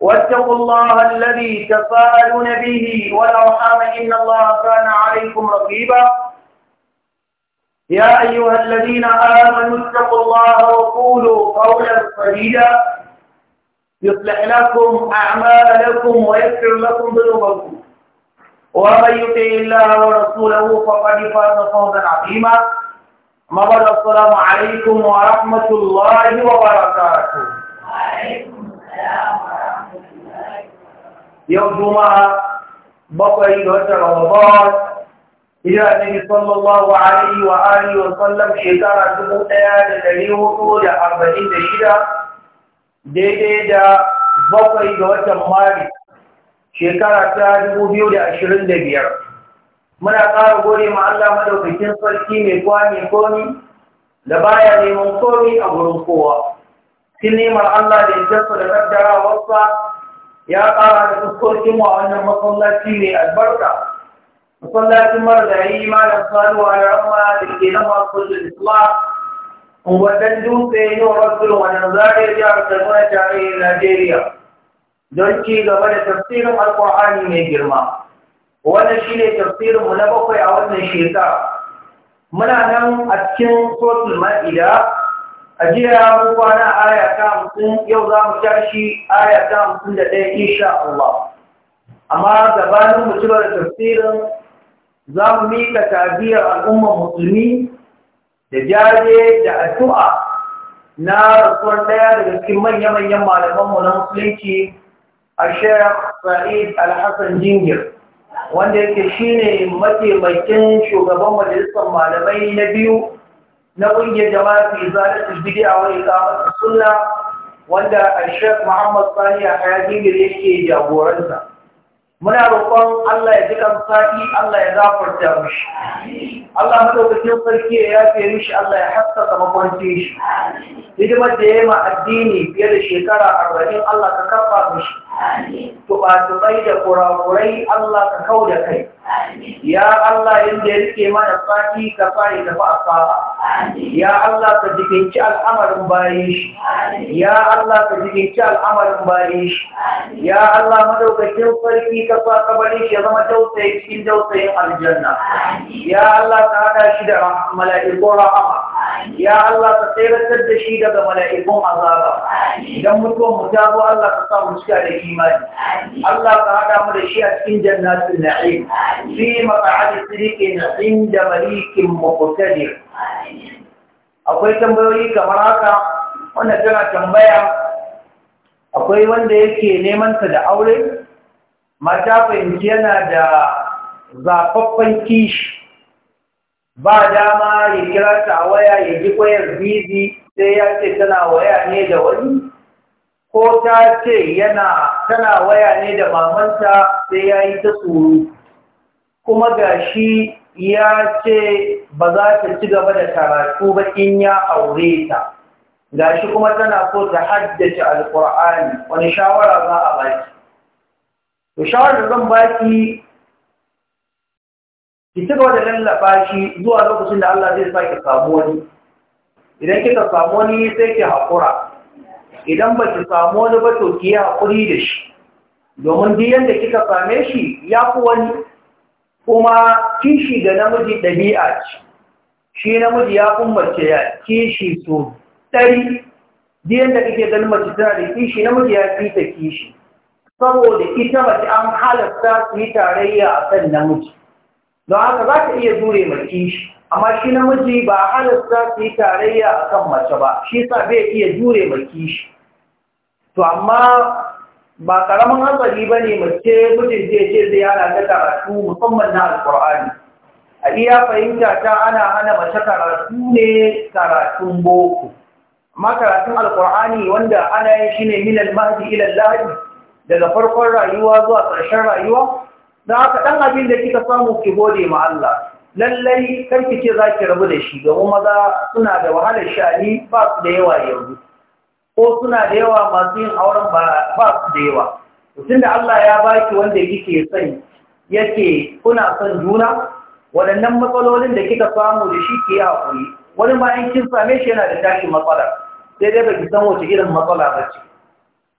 واتقوا الله الذي تساءلون به والأرحام إن الله كان عليكم رقيبا يا أيها الذين آمنوا اتقوا الله وقولوا قولا سديدا يصلح لكم أعمالكم ويغفر لكم ذنوبكم ومن يطع الله ورسوله فقد فاز فوزا عظيما مبارك السلام عليكم ورحمة الله وبركاته وعليكم yau juma'a bakwai da wata ramadan ila annabi sallallahu alaihi wa alihi wa sallam shekara dubu ɗaya da ɗari hudu da arba'in da shida daidai da bakwai da watan mari shekara ta dubu biyu da ashirin da biyar muna ƙara gode ma Allah madaukakin sarki mai ko komi da baya neman komi a gurin kowa cikin Allah da ijarsa da kaddarawarsa ya ƙara da fuskokin wa wannan masallaci ne albarka masallacin marigayi malam saluwa ya Amma da ke na masu da islam wadanda dutse yi wa rasul zare jihar kaduna tarayyar najeriya don ci gaba da tafsirin alkur'ani mai girma wannan shine tafsirin tafsirinmu na bakwai a wannan shekara muna nan a cikin sotul ma'ida ajiya mu kwana aya yau za mu tashi aya ta da ɗaya insha Allah. Amma gabanin mu cigaba da tafsirin za mu mika tabiyar al'umman musulmi da jaje da addu'a na rasuwar ɗaya daga cikin manya-manyan malaman mu na musulunci a Sheikh Sa'id Al-Hassan Wanda yake shine mataimakin shugaban majalisar malamai na biyu na ƙungiyar jama'a fi zalatul bid'a wani iqamat sunna wanda a shek Muhammad Sani a Hayajingir yake jagoranta muna roƙon Allah ya ji kamsaki Allah ya gafarta mishi Allah madaukakin sarki ya yafe shi, Allah ya haskaka makwancin shi hidimar da ya yi ma addini fiye da shekara arba'in Allah ka kafa mishi Tubatubai da kurakurai Allah ka kau da kai. Ya Allah inda ya rike mana fati ka fari da fa'a Ya Allah ka jikinci al'amarin bayan shi. Ya Allah ka jikinci al'amarin bayan shi. Ya Allah madaukakin sarki ka sa kabarin shi ya zama tausayi cikin dausayin aljanna. Ya Allah ka haɗa shi da mala'ikun rahama. Ya Allah ka tsayar da shi daga mala'ikun azaba. idan mutuwar mu ta zo Allah ka sa mu cika da imani Allah ka hada mu da shi a cikin jannatin na'im fi maq'adi siriqin inda malikin muqtadir akwai tambayoyi kamar haka wanda tana tambaya akwai wanda yake neman ta da aure mata fahimci yana da zafaffen kishi ba dama ya kira ta a waya ya ji kwayar bizi sai ya ce tana waya ne da wani ko ta ce yana tana waya ne da mamanta sai ya yi ta tsoro kuma ga shi ya ce ba za ta ci gaba da karatu ba in ya aure ta ga shi kuma tana so ta haddace alkur'ani wani shawara za a baki to shawarar zan baki ki ci gaba da lallafa shi zuwa lokacin da Allah zai sa ki samu wani idan kika samu wani sai ki haƙura idan ba ki samu wani ba to ki yi haƙuri da shi domin duk yadda kika same shi ya fi wani kuma kishi da namiji ɗabi'a ce shi namiji ya fi mace ya kishi to ɗari duk yadda kike ganin mace tana da kishi namiji ya fi ta kishi saboda ita mace an halatta su tarayya a kan namiji don haka za ta iya jure mai kishi amma shi namiji ba za su yi tarayya a kan mace ba shi sa bai iya jure mai kishi to amma ba karamin hatsari ba ne mace mutum zai ce zai hana ta karatu musamman na alkur'ani a iya fahimta ta ana hana mace karatu ne karatun boko amma karatun alkur'ani wanda ana yin shi ne minal mahdi ilal lahadi daga farkon rayuwa zuwa ƙarshen rayuwa da haka ɗan abin da kika samu ki gode ma Allah lallai karki ce za ki rabu da shi domin maza suna da wahalar sha'ani ba su da yawa yanzu ko suna da yawa masu yin auren ba su da yawa mutum da Allah ya baki wanda kike son yake kuna son juna waɗannan matsalolin da kika samu da shi ke haƙuri wani bayan kin same shi yana da tashin matsala sai dai baki san wace irin matsala ba ce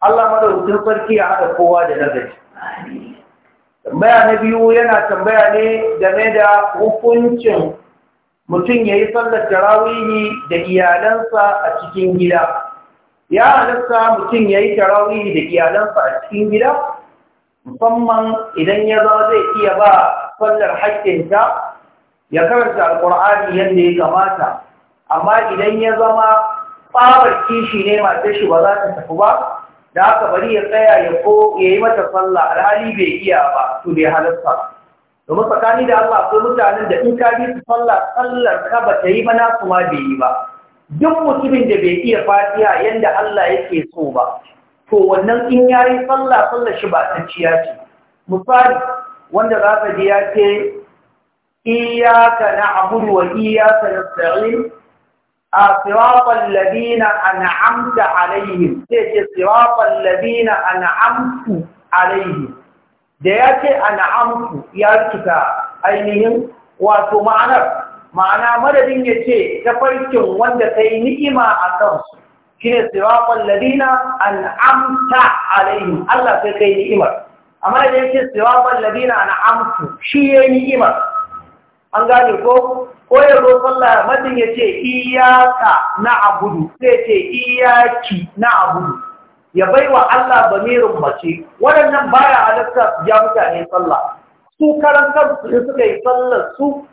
Allah madaukakin sarki ya haɗa kowa da nazari tambaya na biyu yana tambaya ne game da hukuncin mutum ya yi sallar tarawihi da iyalansa a cikin gida ya halatta mutum ya yi tarawihi da iyalansa a cikin gida musamman idan ya zama zai iya ba sallar haƙƙinta ya karanta alƙur'ani yadda ya kamata amma idan ya zama tsabar kishi ne masu shi ba za ta tafi ba da aka bari ya tsaya ya ko ya yi mata sallah alhali bai iya ba to bai halarta domin tsakani da Allah akwai mutanen da in ka bi su sallah sallar ka ba ta yi ba kuma bai yi ba duk mutumin da bai iya fatiha yanda Allah yake so ba to wannan in ya yi sallah sallar shi ba ta ciya ce misali wanda za ka ji ya ce iyaka na abudu wa iyaka nasta'in a sirafan labina a amta alaihim sai ce sirafan labina an amtu alaihim da ya ce an amtu ya cika ainihin wato ma'anar ma'ana madadin ya ce tafarkin wanda ta yi ni'ima a kansu shi ne sirafan labina an amta alaihim Allah sai ka yi ni'imar amma da ya ce sirafan labina an shi ya yi ni'imar an gane ko ko ya zo sallah madin ya ce iyaka na abudu sai ce iyaki na abudu ya baiwa Allah bamirin mace waɗannan baya su ya mutane sallah su karan kansu suka yi sallar su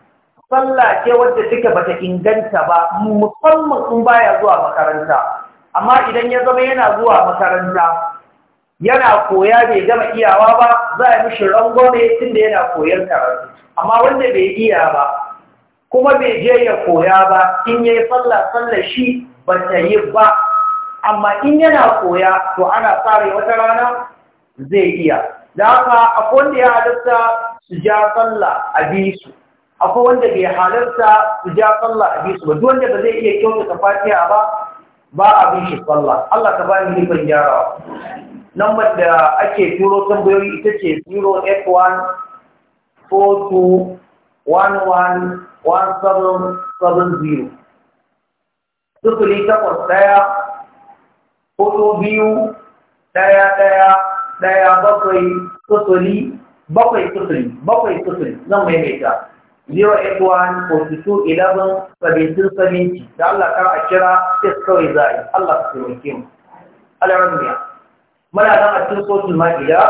sallah ce wadda take bata inganta ba musamman in baya zuwa makaranta amma idan ya zama yana zuwa makaranta yana koya bai gama iyawa ba za a mishi ne tun da yana koyar karatu amma wanda bai iya ba kuma bai je ya koya ba in ya yi sallah sallah shi ba ta yi ba amma in yana koya to ana tsari wata rana zai iya da haka akwai wanda ya halarta su ja sallah a bisu akwai wanda bai halarta su ja sallah a bisu ba duk wanda ba zai iya kyautata fatiha ba ba a shi sallah Allah ka ba ni nufin gyarawa lambar da ake turo tambayoyi ita ce 08142111770 sufuri takwas ɗaya hudu biyu ɗaya ɗaya ɗaya bakwai sufuri bakwai sufuri bakwai sufuri zan maimaita 081 ta 11 da Allah kar a kira sai kawai za a yi Allah ka taimake mu. Alarmiya. muna nan a cikin sotul ma'ida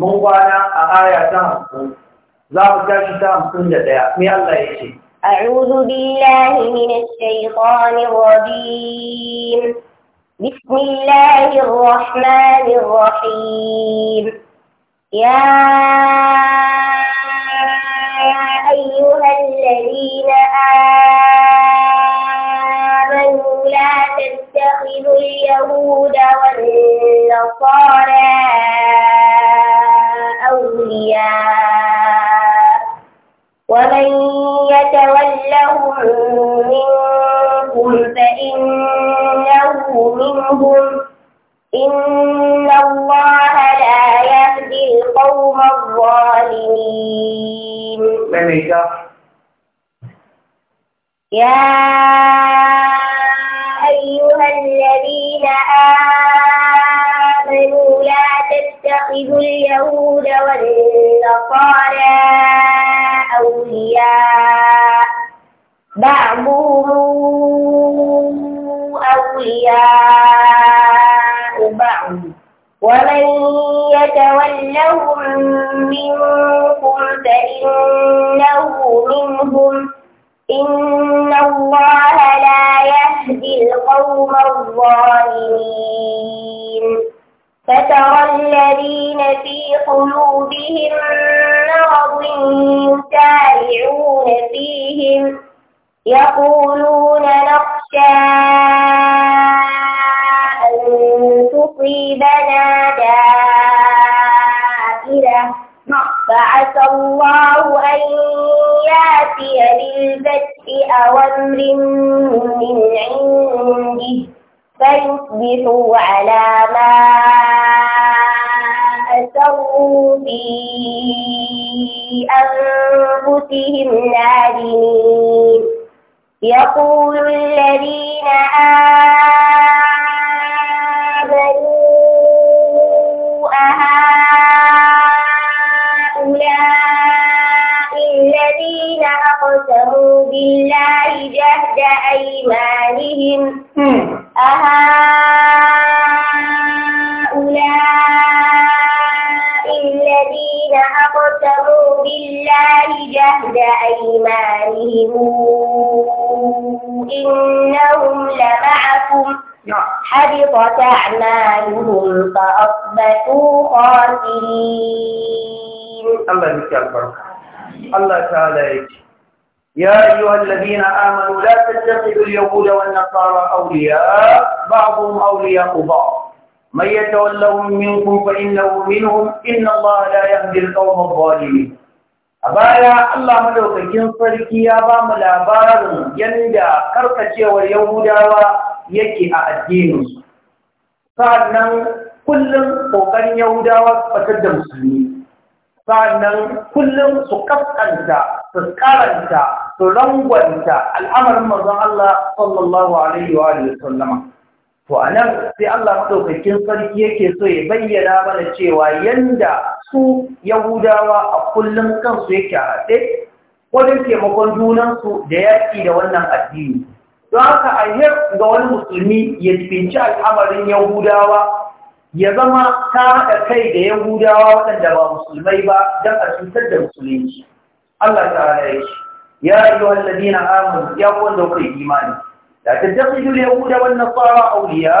mun kwana a aya ta hamsin za mu tashi ta hamsin da Allah ya ce أعوذ بالله من الشيطان الرجيم بسم الله الرحمن الرحيم يا أيها الذين آمنوا لا تتخذوا اليهود والنصارى النصارى أولياء ومن يتولهم منكم فإنه منهم إن الله لا يهدي القوم الظالمين يا أيها الذين آمنوا اليهود والنصارى أولياء بعضهم أولياء بعض ومن يتولهم منكم فإنه منهم إن الله لا يهدي القوم الظالمين فترى الذين في قلوبهم مرض يسارعون فيهم يقولون نخشى أن تصيبنا دائرة فعسى الله أن يأتي بالفتح أو أمر من عنده فيصبحوا على ما أسروا في أنفسهم نادمين يقول الذين آمنوا أهؤلاء الذين أقسموا بالله جهد أيمانهم حبطت أعمالهم فأصبحوا خاسرين الله يبارك البركة الله تعالى يجي يا أيها الذين آمنوا لا تتخذوا اليهود والنصارى أولياء بعضهم أولياء بعض من يتولهم منكم فإنه منهم إن الله لا يهدي القوم الظالمين a baya Allah madaukakin sarki ya ba mu labarin yadda karkacewar Yahudawa yake a addininsu sa'annan kullum ƙoƙarin yahudawa su fatar da musulmi sa'annan kullum su ƙasƙanta, su karanta su rangwanta al'amarin manzon Allah sallallahu alaihi wa sallama to anan sai Allah madaukakin sarki yake so ya bayyana mana cewa yanda su yahudawa a kullum kansu yake haɗe wajen taimakon junansu da yaƙi da wannan addini don haka a ga wani musulmi ya cikinci al'amarin yahudawa ya zama ta haɗa kai da yahudawa waɗanda ba musulmai ba don a cutar da musulunci Allah ta'ala ya ce ya yi wallazi na amur ya kuwan da kai imani da ta tafi dole yahuda wannan tsara auliya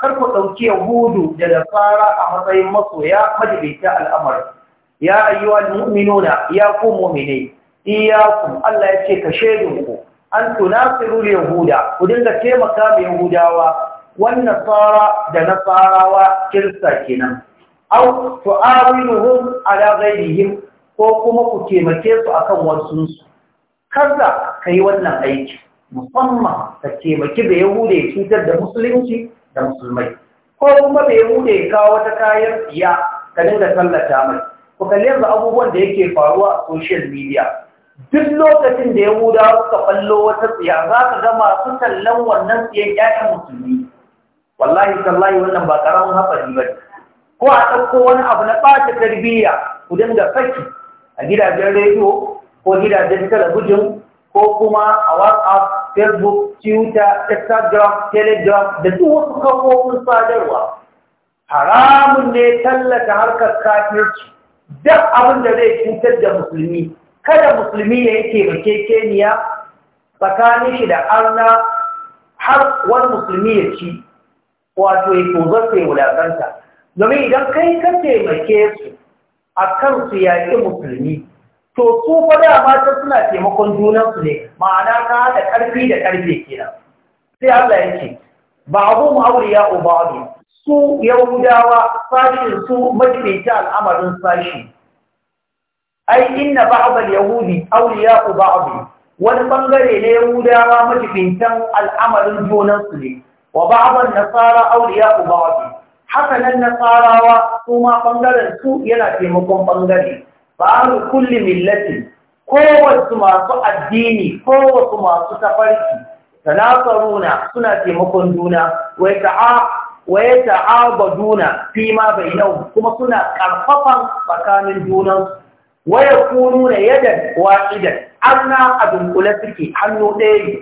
kar ku ɗauki yahudu da nasara a matsayin masoya majalita al'amar ya ayyuwa mu'minuna ya ku mu'minai iyakum Allah ya ce ka shaidinku an tunasiru yahuda ku dinga taimaka ma yahudawa wannan nasara da nasarawa kirista kenan aw tu'awinuhum ala ghayrihim ko kuma ku taimake su akan wasu su ka yi wannan aiki musamman ka taimaki da yahuda ya cutar da musulunci da musulmai ko kuma da yahuda ya kawo wata kayan siya ka dinga tallata mai ku kalli yanzu abubuwan da yake faruwa a social media duk lokacin da yahuda suka ballo wata tsiya za ka ga masu tallan wannan tsiyan ƴaƴan musulmi wallahi tallahi wannan ba karamin hafari ba ko a ɗauko wani abu na ɓata tarbiyya ku dinga saki a gidajen rediyo ko gidajen talabijin ko kuma a whatsapp facebook twitter instagram telegram da duk wasu kafofin sadarwa haramun ne tallata harkar kafirci duk abin da zai cutar da musulmi kada musulmi ya yi kekeniya tsakanin shi da arna har wani musulmi ya ci wato ya tozarta sai wulakanta domin idan kai ka taimake su a kan su yaƙi musulmi to su fada mata suna taimakon junansu ne ma'ana ka haɗa ƙarfi da ƙarfe kenan sai Allah ya ce ba abu ma'auriya ubadu su yahudawa sashin su majibinta al'amarin sashi ai inna ba'dal yahudi awliya'u ba'd wani bangare ne yahudawa majibintan al'amarin junan su ne wa Babar nasara awliya'u ba'd haka nan nasarawa su ma bangaren su yana taimakon bangare ba'al kulli millati kowace masu addini kowace masu tafarki tanasaruna suna taimakon juna wa ya ta'abaduna fi ma bainahum kuma suna karfafan tsakanin junansu waya kunu na yadan wa'idan an na a dunkule suke hannu ɗaya ne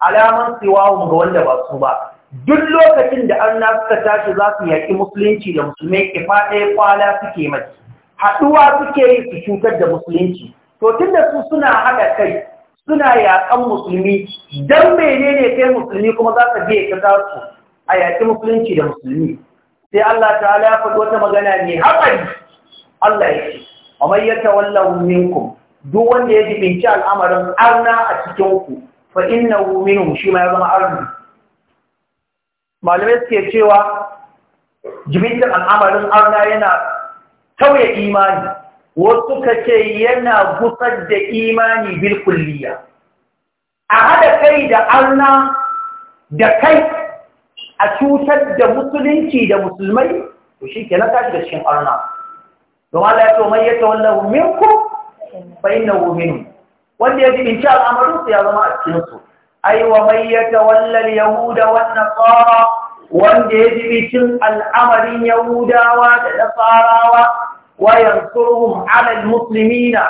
alaman siwa ga wanda ba su ba duk lokacin da an na suka tashi za su yaƙi musulunci da musulmai kifa ɗaya kwala suke mace. haɗuwa suke yi su cutar da musulunci to tun da su suna haɗa kai suna yaƙan musulmi don ne kai musulmi kuma za ka je ka su a yaƙi musulunci da musulmi sai Allah ta'ala ya faɗi wata magana ne haɗari. Allah ya ce wa man yatawallahu duk wanda ya jibinci al'amarin arna a cikin ku fa innahu minhum shi ma ya zama arna malamai suke cewa jibincin al'amarin arna yana tauye imani wasu ka ce yana gusar da imani bil kulliya a haɗa kai da arna da kai a cutar da musulunci da musulmai to shi ke na tashi da cikin arna don Allah ya ce man yata wallahu minkum fa innahu minhum wanda ya jibinci al'amarin su ya zama a cikin su ai wa man yata wallal yahuda wan nasara wanda ya jibincin al'amarin yahudawa da nasarawa wa yansuruhum ala almuslimina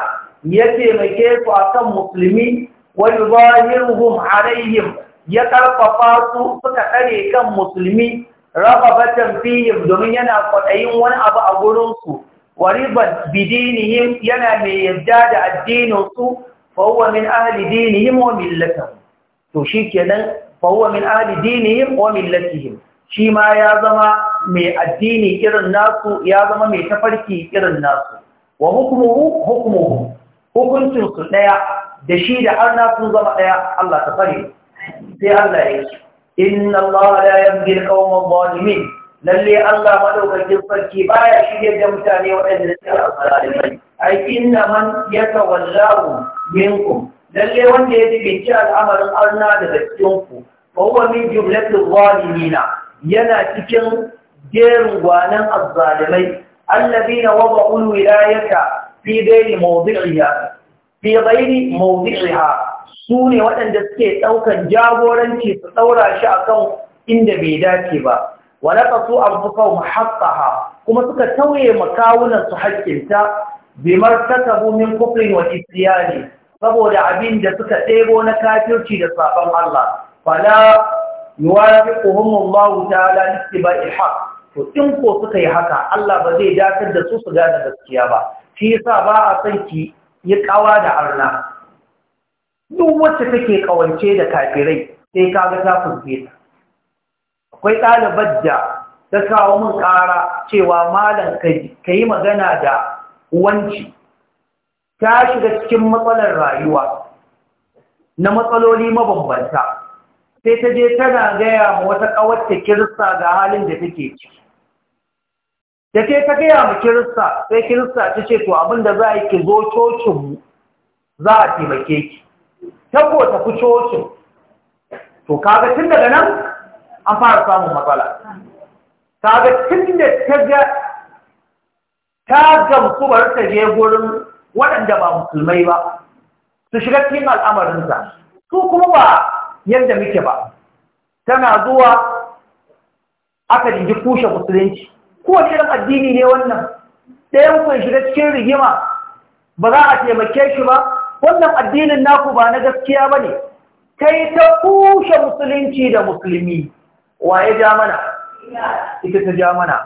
ya taimake su akan musulmi wa yuzahiruhum alaihim ya karfafa su suka tsare kan musulmi raba batan fiye domin yana kwaɗayin wani abu a gurinsu wariban bidinihim yana mai yarda da addininsu fahuwa min ahli dinihim wa millatahum to shi kenan fahuwa min ahli dinihim wa millatihim shi ma ya zama mai addini irin nasu ya zama mai tafarki irin nasu wa hukumuhu hukumuhu hukuncinsu ɗaya da shi da arna sun zama ɗaya Allah ta fare sai Allah ya ce inna Allah la yahdi al-qawma lalle Allah madaukakin sarki baya shirye da mutane waɗanda suka alfarai ai inna man yatawallahu minkum lalle wanda ya dubinci al'amarin arna daga cikin ku fa huwa min jumlatil zalimina yana cikin jerin gwanan azzalimai alladhina wada'u wilayata fi ghairi mawdi'iha fi mawdi'iha su ne waɗanda suke ɗaukan jagoranci su ɗaura shi a kan inda bai dace ba wa naqasu anfusahum haqqaha kuma suka tauye makawunan su haƙƙinta bimar takabu min kufrin wa isiyani saboda abin da suka ɗebo na kafirci da sabon Allah fala ta Allah ta'ala istiba'i haqq to in ko suka yi haka Allah ba zai dakar da su su gane gaskiya ba shi yasa ba a san ki yi kawa da arna duk wacce take ƙawance da kafirai sai kaga ta fuske ta akwai ɗalibar da ta kawo min ƙara cewa malam ka yi magana da uwanci ta shiga cikin matsalar rayuwa na matsaloli mabambanta sai ta je tana gaya ma wata ƙawarta kirista ga halin da take ciki da ce ta gaya ma kirista sai kirista ta ce to da za a ki zo cocinmu za a taimake ki tabo fi cocin to kaga tun daga nan an fara samun matsala kaga cikin da ta ga ta gamsu bar ta je gurin waɗanda ba musulmai ba su shiga cikin al'amarinsa su kuma ba yadda muke ba tana zuwa aka jiji kushe musulunci kowace shirin addini ne wannan ɗayan kun shiga cikin rigima ba za a taimake shi ba wannan addinin naku ba na gaskiya ba ne kai ta kushe musulunci da musulmi wa ya ja mana ita ta ja mana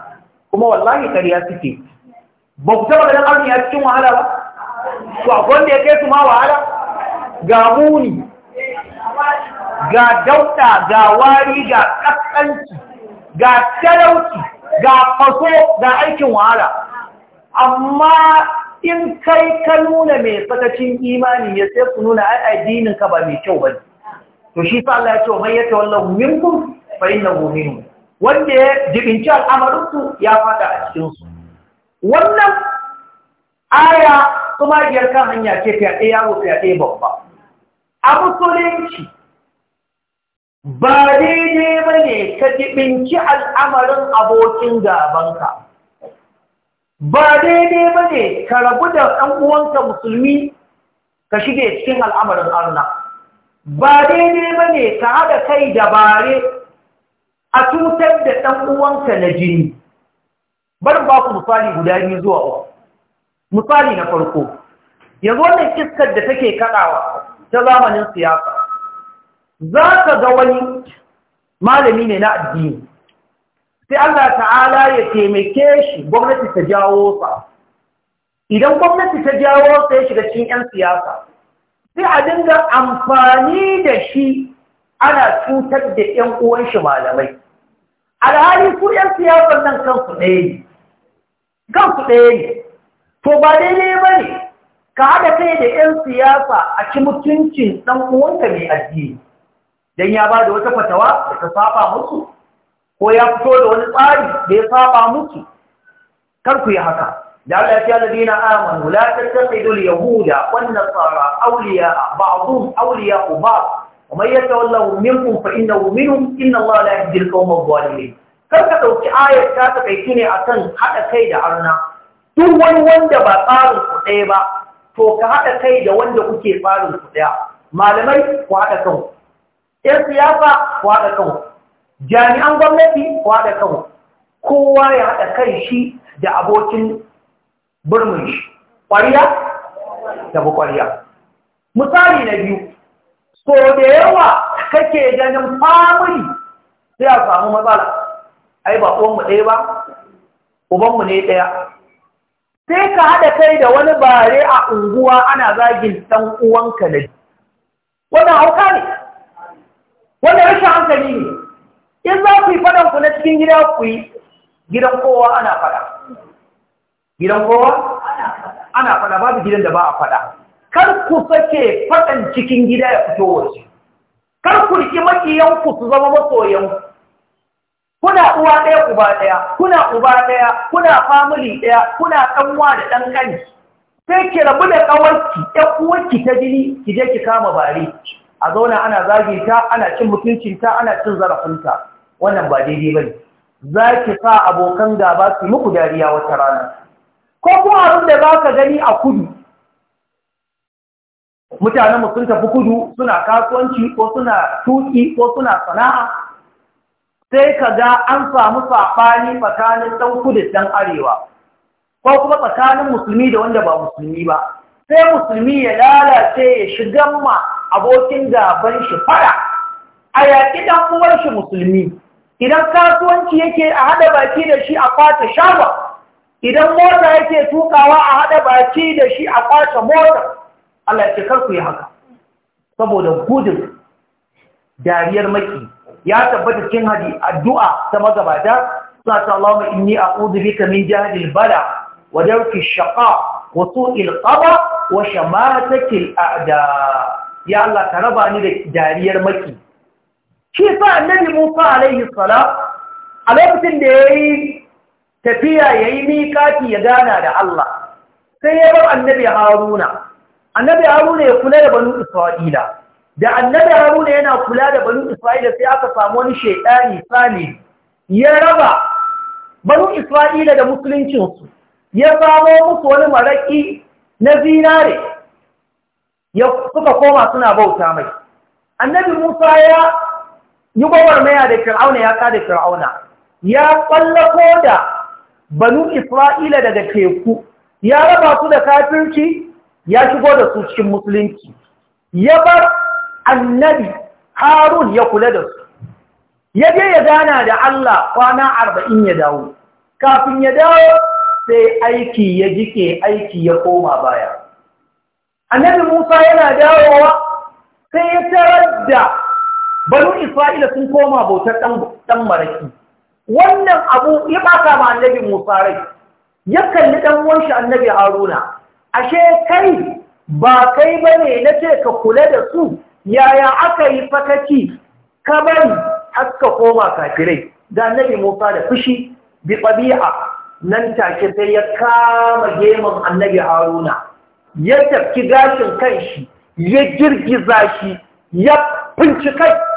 kuma wallahi karya suke ba ku taɓa ganin arziki a cikin wahala ba to akwai wanda ya kai su ma wahala ga muni ga dauta ga wari ga ƙasƙanci ga talauci ga faso ga aikin wahala amma in kai ka nuna mai sakacin imani ya sai ku nuna ai addinin ka ba mai kyau ba to shi fa Allah ya ce mai yata wallahu minkum fa innahu minhum wanda ya jibinci al'amarinku ya fada a cikin su wannan aya kuma biyar kan hanya ce fiyaɗe yaro fiyaɗe babba a musulunci ba daidai ba ne ka jibinci al'amarin abokin gabanka ba daidai ba ne ka rabu da ɗan uwanka musulmi ka shige cikin al'amarin allah ba daidai ba ne ka haɗa kai dabare a cutar da ɗan'uwanka na jini barin ba ku misali guda biyu zuwa uku misali na farko yanzu wannan iskar da take kaɗawa ta zamanin siyasa za ka ga wani malami ne na addini sai Allah ta'ala ya taimake shi gwamnati ta jawo sa idan gwamnati ta jawo sa ya shiga cin 'yan siyasa sai a dinga amfani da shi ana cutar da ‘yan uwan shi malamai. Alhali su ‘yan siyasar nan kansu ɗaya ne, kansu ɗaya ne, to ba daidai ba ne ka haɗa kai da ‘yan siyasa a ci mutuncin ɗan uwanka mai addini, don ya ba da wata fatawa da ta saba musu, ko ya fito da wani tsari da ya saba musu, kar ku yi haka. لعل أتي الذين a لا تتخذوا اليهود والنصارى أولياء بعضهم أولياء بعض ومن يتولهم منكم فإنه منهم إن الله لا يهدي القوم Kar ka ɗauki ayar ta takaitu ne akan haɗa kai da arna duk wani wanda ba tsarin ku ɗaya ba to ka haɗa kai da wanda kuke tsarin ku ɗaya malamai ku haɗa kanku ƴan siyasa ku haɗa kanku jami'an gwamnati ku haɗa kanku kowa ya haɗa kai shi da abokin birnin shi ƙwariya da ƙwariya misali na biyu so da yawa kake ganin famili sai a samu matsala ai ba uwanmu ɗaya ba ubanmu ne ɗaya sai ka haɗa kai da wani bare a unguwa ana zagin ɗan uwanka na wannan hauka ne wannan rashin hankali ne in za ku yi faɗan ku na cikin gida ku yi gidan kowa ana faɗa gidan kowa ana fada babu gidan da ba a fada kar ku sake fadan cikin gida ya fito waje kar ku riki makiyan su zama masoyanku. kuna uwa ɗaya uba ɗaya kuna uba ɗaya kuna famili ɗaya kuna ɗanwa da ɗan ƙani sai ki rabu da ƙawarki ɗan uwarki ta jini ki je ki kama bare a zauna ana zage ta ana cin mutuncinta ana cin zarafinta wannan ba daidai ba ne za ki sa abokan gaba su muku dariya wata rana ko kuma abin da za ka gani a kudu mutanenmu sun tafi kudu suna kasuwanci ko suna tuki ko suna sana'a sai ka ga an samu saɓani tsakanin ɗan kudu ɗan arewa ko kuma tsakanin musulmi da wanda ba musulmi ba sai musulmi ya lalace ya shigan ma abokin gaban shi faɗa. a yaƙi ɗan uwar shi musulmi idan kasuwanci yake a haɗa baki da shi a fata shagon idan mota yake tukawa a haɗa baki da shi a kwace mota Allah ya ce karku yi haka saboda gudun dariyar maki ya tabbata cikin haɗi addu'a ta magabata sa ta Allahumma inni a bika min jahdil bala wa darki shaqa wa su'il qada wa shamatati al'ada ya Allah ka raba ni da dariyar maki shi sa annabi Musa alaihi salam a lokacin da yi. tafiya ya yi miƙati ya gana da Allah sai ya bar annabi haruna annabi haruna ya kula da banu isra'ila da annabi haruna yana kula da banu isra'ila sai aka samu wani shaidani sani ya raba banu isra'ila da musuluncinsu ya samo musu wani maraƙi na zinare ya suka koma suna bauta mai annabi musa ya yi gwagwarmaya da fir'auna ya kada fir'auna ya tsallako da banu Isra'ila daga teku, ya raba su da kafirci ya shigo da su cikin musulunci, ya bar annabi Harun ya kula da su, ya je ya gana da Allah kwana arba'in ya dawo, kafin ya dawo sai aiki ya jike aiki ya koma baya. Annabi Musa yana dawowa sai ya tarar da banu Isra'ila sun koma bautar ɗan maraki. wannan abu ya baka ma annabi Musa rai ya kalli ɗan uwan shi annabi Haruna ashe kai ba kai bane nace ka kula da su yaya aka yi fakaci ka bari haska koma kafirai da annabi Musa da fushi bi tabi'a nan take sai ya kama gemun annabi Haruna ya tafki gashin kan shi, ya girgiza shi ya finci kai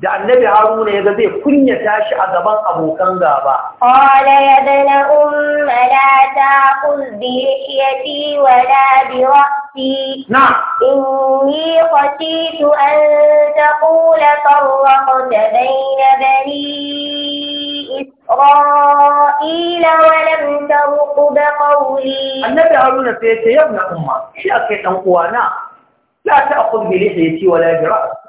da annabi haruna ya ga zai kunya tashi a gaban abokan gaba. qala ya dana umma la ta kulbi shiyati wa la bi rafi. Na. Inni khashitu an taqula farraqta bayna bani Isra'ila wa lam tarqub qawli. Annabi haruna sai ya ce yabna umma shi akai dan uwana la ta kulbi lihiyati wa la bi rafi.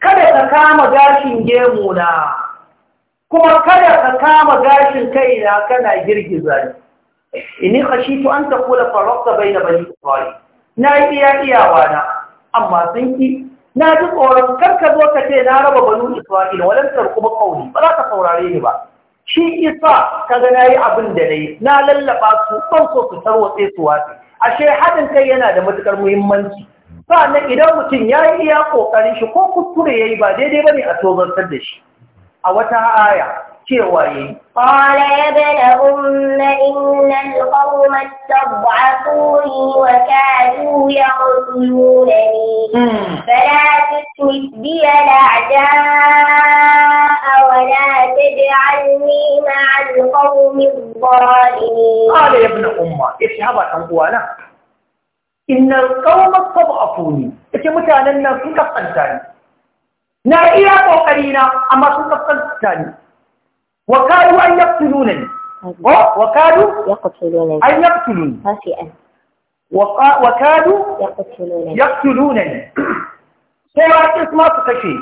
kada ka kama gashin gemu na kuma kada ka kama gashin kai na kana girgiza ni kashi khashitu an taqula farqta bayna bani isra'il na iya iyawa na amma sun ki na ji tsoron kar ka zo ka ce na raba bani isra'il walan kuma qawli ba za ka saurare ni ba shi isa kaga nayi abin da nayi na lallaba su ban so su tarwatse su wasu ashe haɗin kai yana da matukar muhimmanci sa'annan idan mutum ya yi iya ƙoƙarin shi ko kuskure ya yi ba daidai ba ne a tozartar da shi a wata aya cewa ya yi ƙwala ya bala umma inna alƙawma tabba'atuni wa kadu ya rusuluna ni fala tusmit bi al'a'da'a wa la taj'alni ma'a alqawmi adh-dhalimin qala ya ibn umma ishaba dan uwana innal qauma sab'afuni yace mutanen nan sun kasanta ni na iya kokari na amma sun kasanta ni wa kadu an yaqtuluni wa kadu yaqtuluni an yaqtuluni fasi'an wa kadu yaqtuluni yaqtuluni sai wa kisma su kashe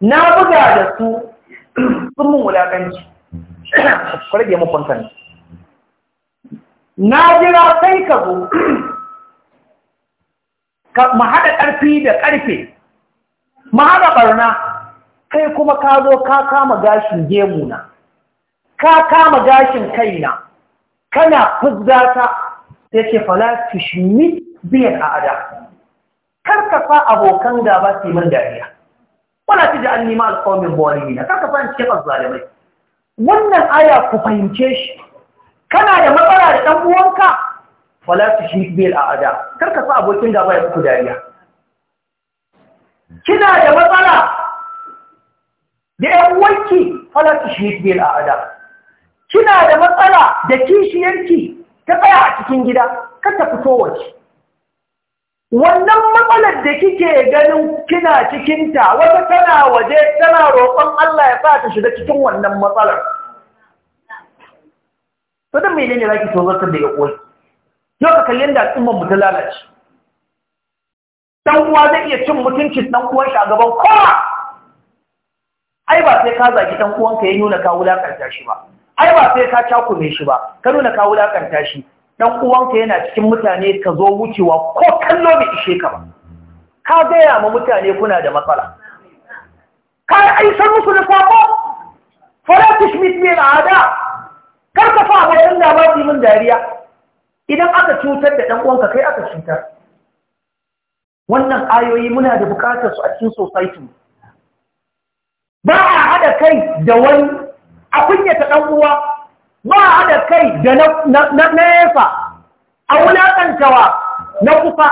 na buga da su sun mun wulaƙanci, ku rage mu fankan na jira sai ka zo mu haɗa ƙarfi da ƙarfe mu haɗa ɓarna kai kuma ka zo ka kama gashin gemuna ka kama gashin kaina kana fuzzata sai ce fala tushmi biyan a'ada kar ka fa abokan gaba su yi min dariya wala ta ji an nima alƙawamin buwalina kar ka fa in cikin wannan aya ku fahimce shi kana da matsala da ɗan uwanka wala su shi bil a'ada kar ka sa abokin gaba ya ku dariya kina da matsala da yan wanki wala su shi bil ada? kina da matsala da kishiyarki ta tsaya a cikin gida kar ta fito waje wannan matsalar da kike ganin kina cikin ta wata tana waje tana roƙon Allah ya sa ta shiga cikin wannan matsalar. Sadar mai ne za ki so da ya ƙoyi. yau ka kalli yadda mu ta lalace ɗan'uwa uwa zai iya cin mutuncin ɗanuwan uwan shi a gaban kowa ai ba sai ka zagi dan uwanka ya nuna ka wulakanta shi ba ai ba sai ka cakume shi ba ka nuna ka wulakanta shi uwanka yana cikin mutane ka zo wucewa ko kallo mai ishe ka ba ka gaya ma mutane kuna da matsala ka aisar musu da sako fara tushmit min kar ka da ba yi min dariya idan aka cutar da ɗan uwanka kai aka cutar wannan ayoyi muna da bukatar su a cikin society ba a haɗa kai da wani a kunyata ɗan uwa ba a haɗa kai da na nefa a wulaƙantawa na kufa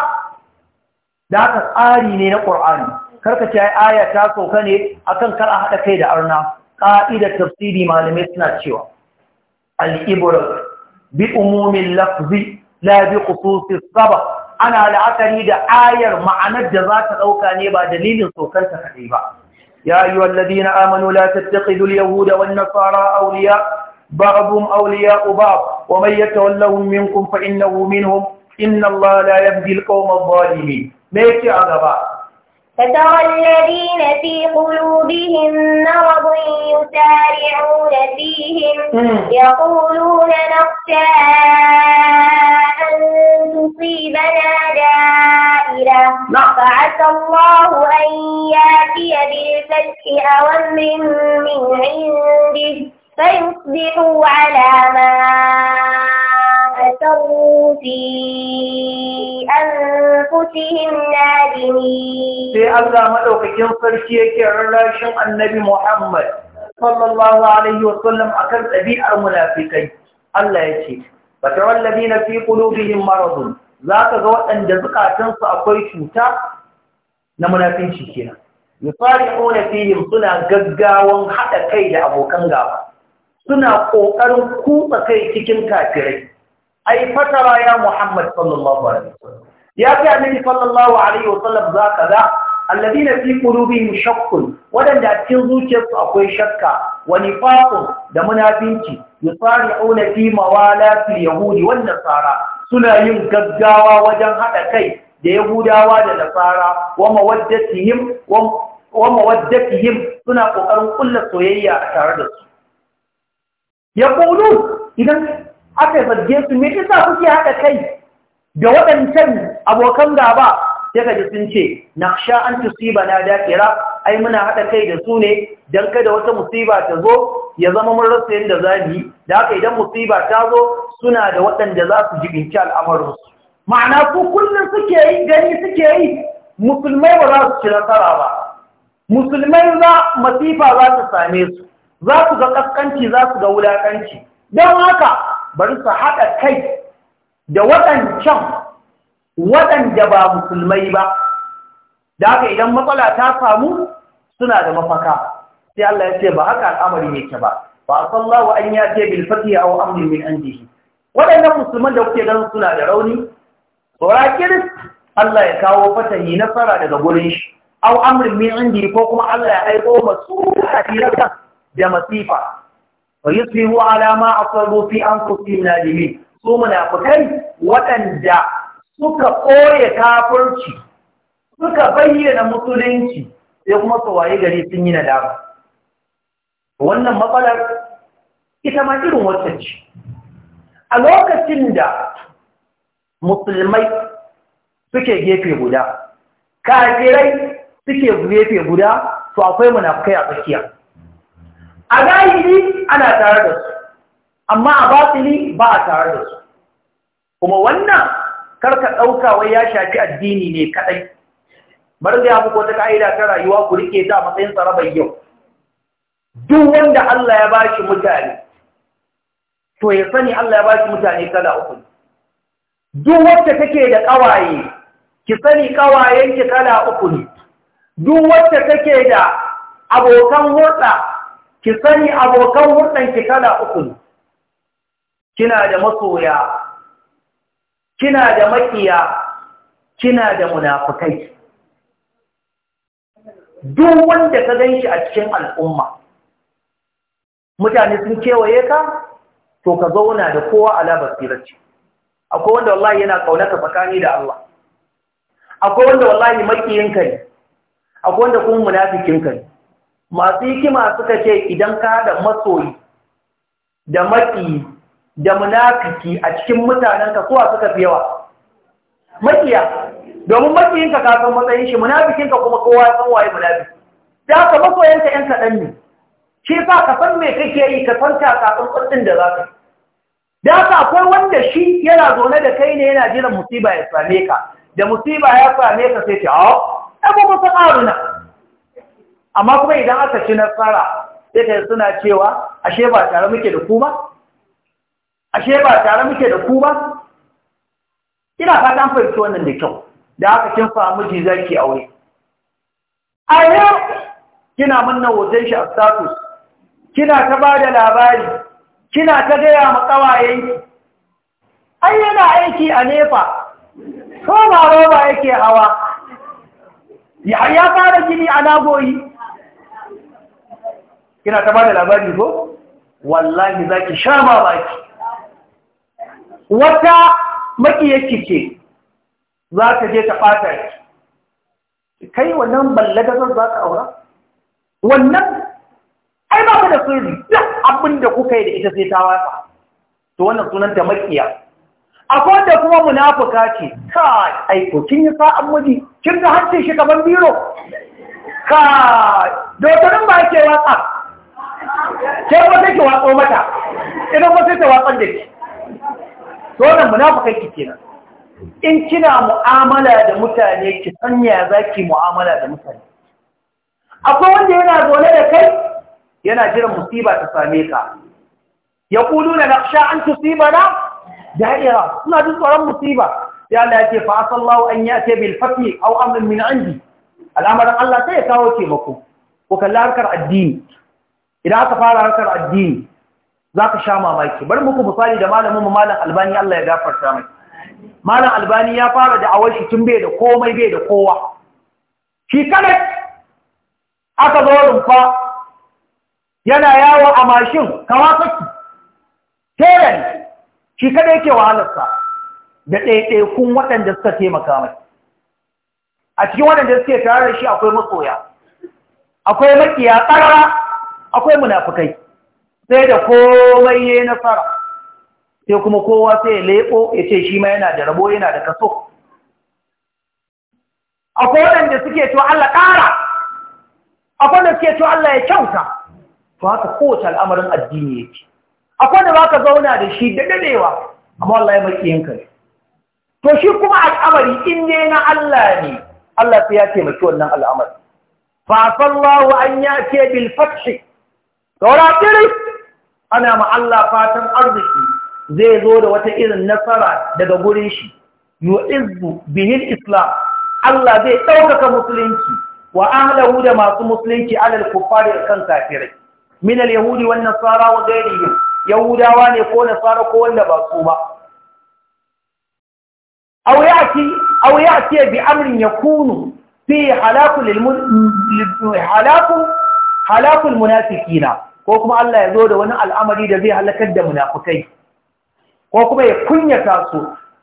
da haka tsari ne na ƙur'ani karka ce aya ta sauka ne akan kar a haɗa kai da arna ƙa'idar tafsiri malamai suna cewa al'ibar bi umumin lafzi labi bi khususis ana la'akari da ayar ma'anar da za ta dauka ne ba dalilin sokar ta ba ya ayyuhal ladina amanu la tattakhidul yahuda wan nasara awliya ba'dhum awliya ba'd wa man yatawallahum minkum fa innahu minhum inna allaha la yahdi al-qawma adh-dhalimin me yake a gaba فترى الذين في قلوبهم مرض يسارعون فيهم يقولون نخشى أن تصيبنا دائرة نعم. فعسى الله أن يأتي بالفتح أو أمر من عنده فيصبحوا على ما وأسروا في أنفسهم نادمين في الله ملوك ينصر شيك علاشم النبي محمد صلى الله عليه وسلم أكرت أبي المنافقين الله يشيك فترى الذين في قلوبهم مرض ذاك غوة أن جزقا تنصى أقوي شوتا نمنافين شكينا يصارعون فيهم صنع قدقاوا حتى كيد أبو كنغاوا suna ƙoƙarin kutsa kai cikin kafirai ai fatara ya Muhammad sallallahu alaihi wasallam ya fi annabi sallallahu alaihi wasallam za ka za alladina fi qulubihim shakkun wadanda a cikin zuciyarsu akwai shakka wa nifaqun da munafinci yusari'una fi mawalati yahudi wan nasara suna yin gaggawa wajen hada kai da yahudawa da nasara wa mawaddatihim wa mawaddatihim suna kokarin ƙulla soyayya tare da su yaqulu idan aka zarge su me isa kuke haɗa kai da waɗancan abokan gaba sai ka sun ce sha an tusiba na dakira ai muna haɗa kai da su ne dan kada wata musiba ta zo ya zama mun rasa yadda za mu yi da haka idan musiba ta zo suna da waɗanda za su binci al'amarinsu ma'ana ku kullum suke yi gani suke yi musulmai ba za su ci nasara ba musulmai za masifa za su same su za su ga ƙasƙanci, za su ga wulaƙanci. don haka bari su haɗa kai da waɗancan waɗanda ba musulmai ba da haka idan matsala ta samu suna da mafaka sai Allah ya ce ba haka al'amari ke ba ba sallahu an ya ce bil fatiha aw amrin min waɗannan musulman da kuke ganin suna da rauni tsora kiris Allah ya kawo fatanyi nasara daga gurin shi Au amrin min andihi ko kuma Allah ya aiko masu da masifa wa alama ala ma asabu fi anfusihim nadimin su munafikai waɗanda suka ɓoye kafirci suka bayyana musulunci sai kuma su waye gari sun yi nadama wannan matsalar ita ma irin waccan ce a lokacin da musulmai suke gefe guda kafirai suke gefe guda to akwai munafikai a tsakiya a zahiri ana tare da su amma a batili ba a tare da su kuma wannan karka ɗauka wai ya shafi addini ne kaɗai bar da ya muku wata ka'ida ta rayuwa ku rike ta matsayin tsarabar yau duk wanda Allah ya bashi mutane to ya sani Allah ya bashi mutane kala uku duk wacce take da ƙawaye ki sani ƙawayenki kala uku ne duk wacce take da abokan hulɗa ki sani abokan hurɗanki kala uku ne kina da masoya kina da makiya kina da munafukai duk wanda ka ganshi a cikin al'umma mutane sun kewaye ka to ka zauna da kowa ala basirarci akwai wanda wallahi yana kaunaka tsakani da Allah akwai wanda wallahi makiyinka ne akwai wanda kuma munafikinka ne masu hikima suka ce idan ka haɗa masoyi da maki da munafiki a cikin mutanenka kowa suka fi yawa makiya domin makiyinka ka san matsayin shi munafikinka kuma kowa ya san waye munafiki da haka masoyanka yan kaɗan ne shi sa ka san me kake yi ka san kafin kuɗin da za ka yi da ka akwai wanda shi yana zaune da kai ne yana jiran musiba ya same ka da musiba ya same ka sai ce awo ɗan ba san aruna amma kuma idan aka ci nasara sai ta suna cewa ashe ba tare muke da ku ba ashe ba tare muke da ku ba ina fatan fahimci wannan da kyau da haka kin samu ji zaki aure a yau kina munna wajen shi a status kina ta ba da labari kina ta gaya ma ƙawayenki ai yana aiki a nefa ko ba roba yake hawa ya fara gini a nagoyi kina ta bada labari ko wallahi zaki sha baki. wata makiyarki ce za ka je ta ɓata ki kai wannan zan za ka aura wannan ai ba ka da sirri duk abin da kuka yi da ita sai ta watsa to wannan sunanta makiya akwai da kuma munafuka ce kai ko kin yi sa'an miji kin ga hancin shi kaman biro ka dotarin ba yake watsa sai wata ke watso mata idan wata ta watsan da ke to wannan ki kenan in kina mu'amala da mutane ki sanya ya zaki mu'amala da mutane akwai wanda yana zaune da kai yana jiran musiba ta same ka ya kulu na naksha an tusiba na da'ira suna jin tsoron musiba sai Allah ya ce fa asallahu an ya'ti bil fathi aw amrin min indi al'amarin Allah sai ya kawo taimako ko kallar harkar addini idan aka fara harkar addini za ka sha mamaki bari muku misali da malamin mu malam albani Allah ya gafarta mai malam albani ya fara da awai shi tun bai da komai bai da kowa shi kada aka zo rumfa yana yawo a mashin kawasaki teren shi kadai yake wahalarsa da ɗaiɗaikun waɗanda suka taimaka mai a cikin waɗanda suke tare da shi akwai matsoya, akwai makiya ƙarara. akwai munafukai sai da komai ya yi nasara sai kuma kowa sai ya leɓo ya ce shi ma yana da rabo yana da kaso akwai waɗanda suke to Allah ƙara akwai waɗanda suke to Allah ya kyauta to haka kowace al'amarin addini ce akwai da ba ka zauna da shi da dadewa, amma Allah ya yin kai to shi kuma al'amari in ne na Allah ne Allah sai ya taimaki wannan al'amari fa sallahu an ya ce bil fathi saura tsirin ana ma Allah fatan arziki zai zo da wata irin nasara daga gurin shi yu'izzu bihil islam Allah zai ɗaukaka musulunci wa ahlahu da masu musulunci alal kuffari kan kafirai min al yahudi wan nasara wa ghayrihim yahudawa ne ko nasara ko wanda ba su ba aw yati aw yati bi amrin yakunu fi halakul lil halakul halakul munafiqina ko kuma Allah ya zo da wani al'amari da zai halakar da munafukai ko kuma ya kunyata su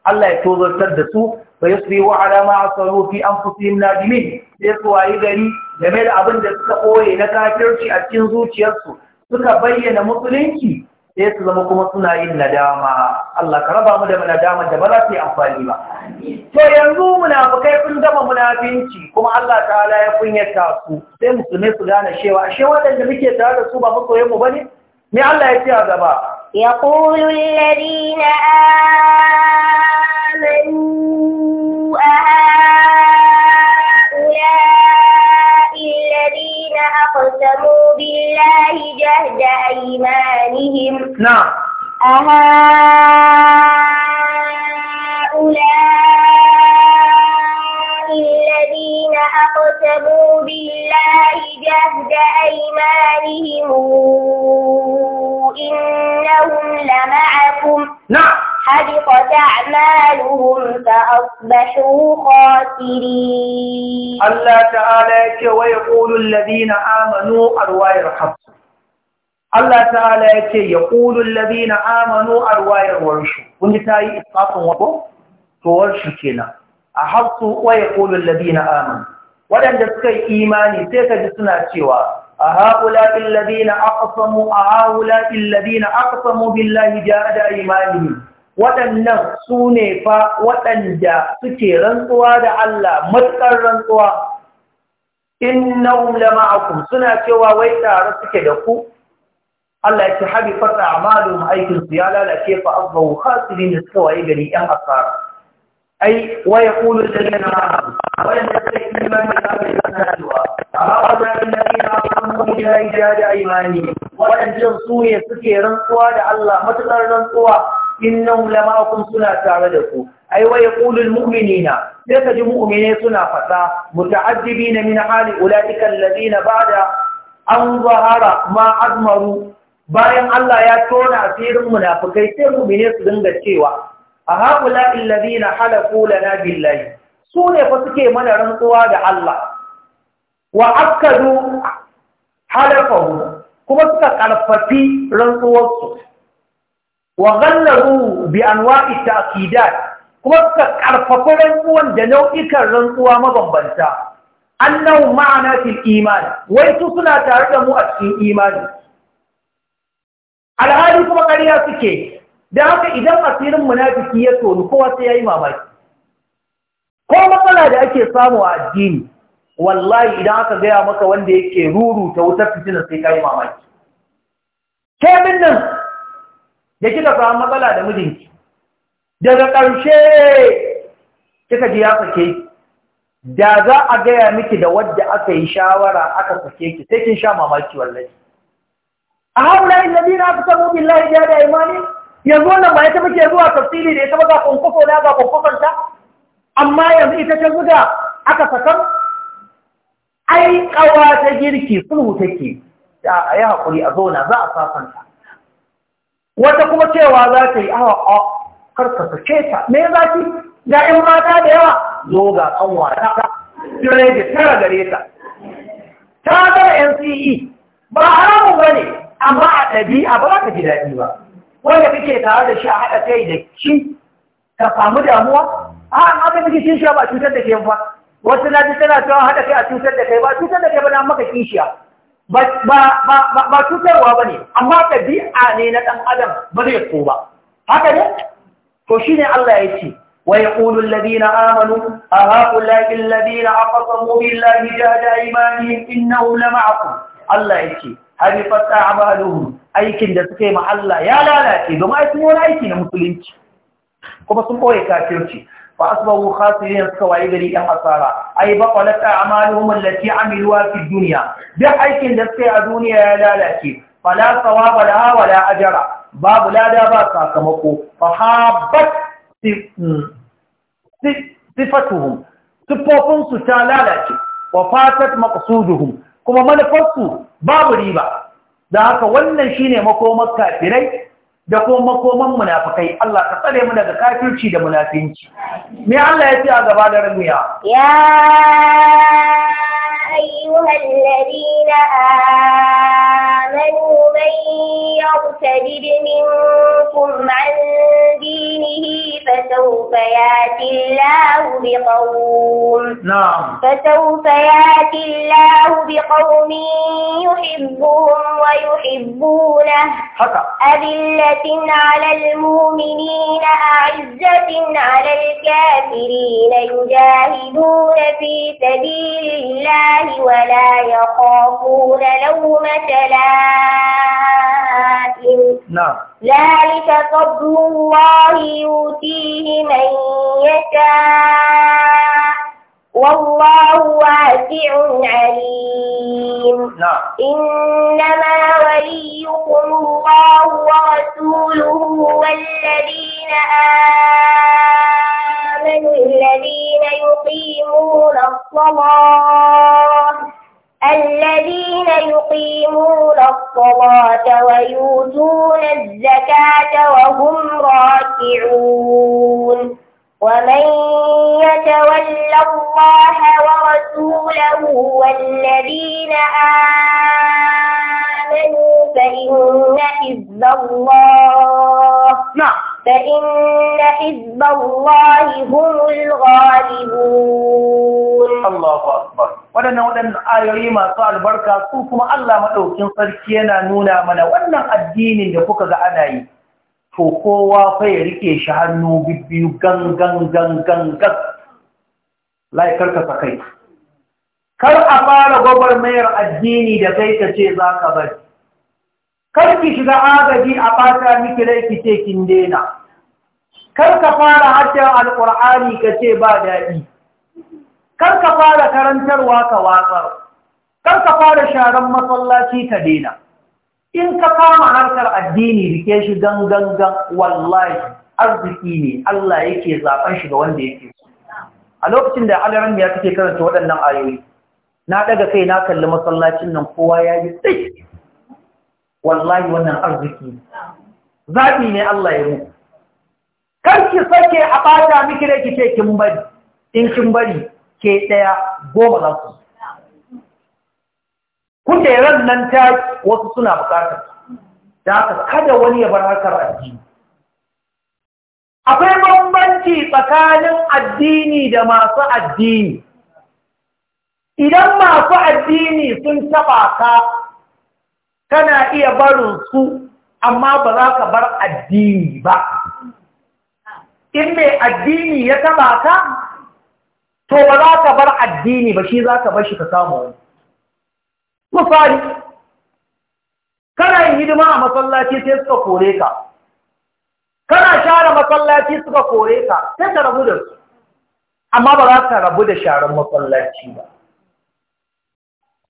Allah ya tozartar da su fa wa ala ma an fi anfusihim nadimin sai su wayi gari game da abin da suka koye na kafirci a cikin zuciyarsu suka bayyana musulunci sai su zama kuma suna yin nadama Allah ka raba mu da nadama da ba za su yi amfani ba to yanzu munafukai sun gama munafinci kuma Allah ta'ala ya kunyata su sai musulmai su gane cewa shi waɗanda muke tare da su ba masoyan mu bane me Allah ya ce a gaba yaqulu alladhina amanu أولئك الذين أقسموا بالله جهد أيمانهم نعم أهؤلاء الذين أقسموا بالله جهد أيمانهم إنهم لمعكم نعم حبطت أعمالهم فأصبحوا خاسرين الله تعالى ويقول الذين آمنوا أرواير حفظ Allah ta'ala ya ce ya ƙulun labina amanu a ruwayar wani ta yi isafin wato? To warshu kenan, a hafsu wa ya ƙulun labina Waɗanda suka yi imani sai kaji suna cewa, a haƙula illabina aka samu, a waɗannan su ne fa waɗanda suke rantsuwa da Allah matuƙar rantsuwa In innahum lama'akum suna cewa wai tare suke da ku Allah ya ce habi fata amalum aikin su ya lalace fa azbahu da suka waye gari yan asara ai waya wa yaqulu alladhina wayan tasbihu man kana du'a amma yi ladina amanu bi yi aymanihim wayan jin su ne suke rantsuwa da Allah matuƙar rantsuwa innahum lama'akum suna tare da ku ai wa yaqulul mu'minina sai ka ji mu'mine suna fada muta'addibina min hali ulaika alladhina ba'da an zahara ma azmaru bayan Allah ya tona asirin munafikai sai mu'mine su dinga cewa a haula alladhina halafu lana billahi su ne fa suke mana rantsuwa da Allah wa akadu halafahu kuma suka karfafi rantsuwarsu وغلبوا بأنواع التأكيدات kuma suka karfafi rantsuwan da nau'ikan rantsuwa mabambanta annahu ma'ana fil imani wai su suna tare da mu a cikin imani alhali kuma karya suke da haka idan asirin munafiki ya tonu kowa sai yayi mamaki ko matsala da ake samu a addini wallahi idan aka gaya maka wanda yake ruru ta wutar fitina sai kai mamaki kemin nan da kika samu matsala da mijinki daga ƙarshe kika ji ya sake da za a gaya miki da wadda aka yi shawara aka sake ki sai kin sha mamaki wallahi a haula illazina aqsamu billahi da imani yanzu wannan ba ya tafi ke zuwa tafsiri da ya taba ga kunkuso na ga kunkuson ta amma yanzu ita ce zuga aka sakan ai kawa ta girki sulhu take da ayi hakuri a zauna za a sasanta wata kuma cewa za ta yi awa a karkata ce ta me za ki ga in mata da yawa zo ga kanwa ta tare da tara gare ta ta ga NCE ba haramun ne, amma a ɗabi'a ba ka ji daɗi ba wanda kake tare da shi a haɗa kai da shi ka samu damuwa a an haka kake kishiya ba cutar da ke ba wasu na ji tana cewa haɗa kai a cutar da kai ba cutar da kai ba na maka kishiya ba cutarwa ba ne, amma ɗabi’a ne na ɗan adam ba zai ko ba. Haka ne? To shine Allah ya ce, wa ya ƙunun labina amanu, a haku laƙin labina a fasan mobin lafi da dayi ba ne in na Allah ya ce, hari fasa a ma'aluhu aikin da suka yi ma Allah ya lalace, domin aikin wani aiki na musulunci, kuma sun ɓoye kafirci. fa asbahu khasirin suka waye gari yan asara ai ba qalat a'maluhum allati amiluha fi dunya duk aikin da suka yi a duniya ya lalace fala sawaba laha wala ajra babu lada ba sakamako fa habat sifatuhum sifofin su ta lalace wa fatat maqsuduhum kuma manufarsu babu riba da haka wannan shine makomar kafirai da kuma makoman munafikai Allah ka tsare mu daga kafirci da munafinci me Allah ya ce a gaba da ramiya ya أيها الذين آمنوا من يرتد منكم عن دينه فسوف يأتي الله بقوم نعم فسوف يأتي الله بقوم يحبهم ويحبونه حقا أذلة على المؤمنين أعزة على الكافرين يجاهدون في سبيل الله ولا يخافون لومة لائم نعم ذلك فضل الله يؤتيه من يشاء والله واسع عليم نعم إنما وليكم الله ورسوله والذين آمنوا آمنوا الذين يقيمون الصلاة الذين يقيمون الصلاة ويؤتون الزكاة وهم راكعون ومن يتول الله ورسوله والذين آمنوا فإن حزب الله نعم فإن حزب الله هم الغالبون الله waɗannan waɗannan ayoyi masu albarka su kuma Allah maɗaukin sarki yana nuna mana wannan addinin da kuka ga ana yi to kowa fa ya rike shi hannu bibbiyu gangan gangan gan lai karka kar a fara gwabar mayar addini da kai ka ce za ka bari kar ki shiga agaji a fata miki rai ki ce kin daina kar ka fara hajjar alƙur'ani ka ce ba daɗi kar ka fara karantarwa ka watsar kar ka fara sharan masallaci ka daina in ka kama harkar addini rike shi gangan wallahi arziki ne Allah yake zaben shi ga wanda yake a lokacin da alaran ya take karanta waɗannan ayoyi na daga kai na kalli masallacin nan kowa ya yi tsaye wallahi wannan arziki zaɓi ne Allah ya muku karki sake a ɓata miki da kike kin bari in kin bari ke ɗaya goma za su kujeran nan ta wasu suna bukatar da ka kada wani ya bar harkar addini akwai bambanci tsakanin addini da masu addini idan masu addini sun taɓa ka kana iya barin su amma ba za ka bar addini ba in mai addini ya taba ka to ba za ka bar addini ba shi za ka bar shi ka samu misali kana yin hidima a masallaci sai suka kore ka kana share masallaci suka kore ka sai ka rabu da su amma ba za ka rabu da sharan masallaci ba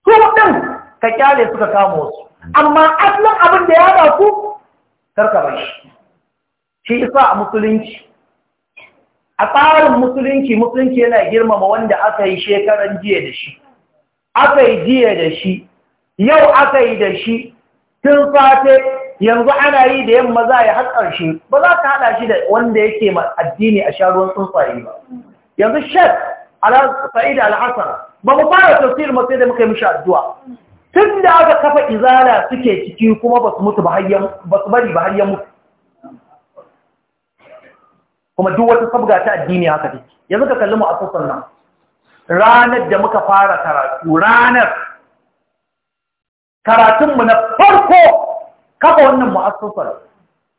su ɗin ka kyale suka kama wasu. amma asalin abin da ya haɗa ku karka bai shi shi isa a musulunci a tsarin musulunci musulunci yana girmama wanda aka yi shekaran jiya da shi aka yi jiya da shi yau aka yi da shi tun fate yanzu ana yi da yamma za yi haƙar shi ba za ka haɗa shi da wanda yake addini a sharuwan tsuntsaye ba yanzu shek ala sa'id al-hasan ba mu fara tafsir sai da muka yi mishi addu'a tun da aka kafa izala suke ciki kuma ba su mutu ba su bari ba har yi mutu kuma duk wata sabga ta addini haka take yanzu ka kalli mu a nan ranar da muka fara karatu ranar karatunmu na farko kafa wannan mu'assasar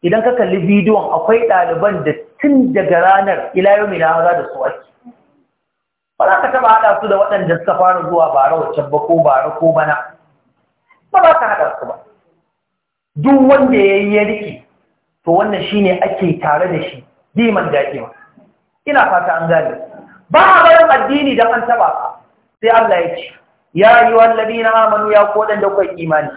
idan ka kalli bidiyon akwai ɗaliban da tun daga ranar ilayo mai lahara da su ake ba za ka taɓa haɗa su da waɗanda suka fara zuwa bara wacce ba ko bara ko bana ba za ka haɗa su ba duk wanda ya yi ya to wannan shi ne ake tare da shi biman daɗewa ina fata an gane ba a barin addini da an taɓa ka sai Allah ya ce ya yi wallabi na amanu ya koɗan da imani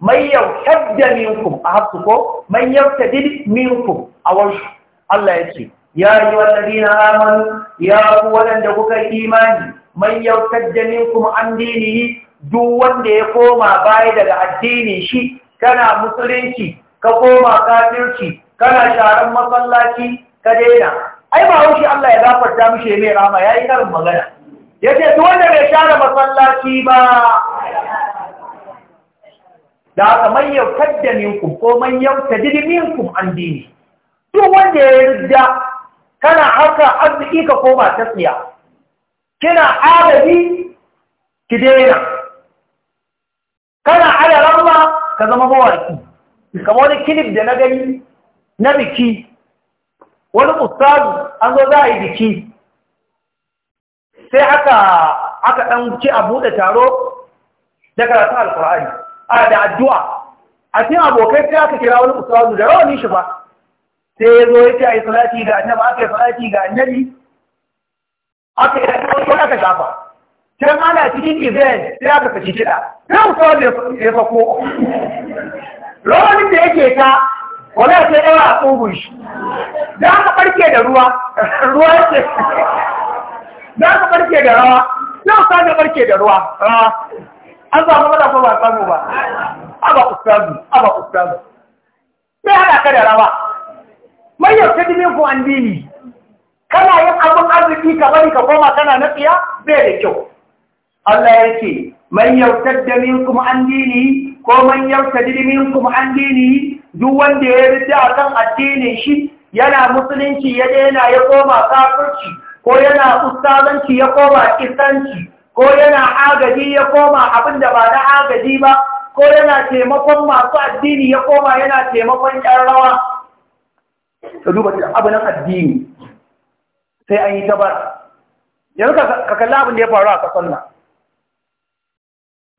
mai yau tabda minkum a hafsu ko mai yau tadid minkum a wasu Allah ya ce ya yi wallabi na amanu ya koɗan da kuka imani mai yau tabda minkum an dinihi duk wanda ya koma baya daga addini shi kana musulunci ka koma kafirci kana sharan masallaci ka daina ai ba wuce Allah ya gafarta mishi mai rama yayi karin magana yace duk wanda bai share masallaci ba da aka man yaukar da ko man yauta didi duk wanda ya rida kana haka arziki ka koma ta kina adabi ki daina kana ala ramma ka zama mawaki kamar wani kilif da na gani na biki wani ustazu an zo za a yi biki sai aka aka dan ci a bude taro da karatu alkur'ani a da addu'a a cikin abokai sai aka kira wani ustazu da rawani shi ba sai ya zo ya ce a yi salati ga annabi aka yi salati ga annabi aka yi salati aka shafa can ana cikin event sai aka saki kiɗa kan kawai da ya fako rawanin da yake ta wani ya sai ɗawa a tsohon shi za ka farke da ruwa ruwa ya yake za ka farke da rawa yau sa ka farke da ruwa rawa an samu mana ko ba samu ba aba ustazu aba ustazu sai hada ka da rawa mai yau ta dinin ku andini kana yin abin arziki ka bari ka koma kana na tsiya zai da kyau Allah ya yake man min kuma an dini ko man min kuma an dini duk wanda ya a kan addinin shi yana musulunci ya daina ya koma kafirci ko yana ustazanci ya koma kisanci ko yana agaji ya koma abin da ba na agaji ba ko yana taimakon masu addini ya koma yana taimakon ƴan rawa ka duba abin addini sai an yi ta bara yanzu ka kalli abin da ya faru a kasan nan